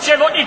przewodniczący!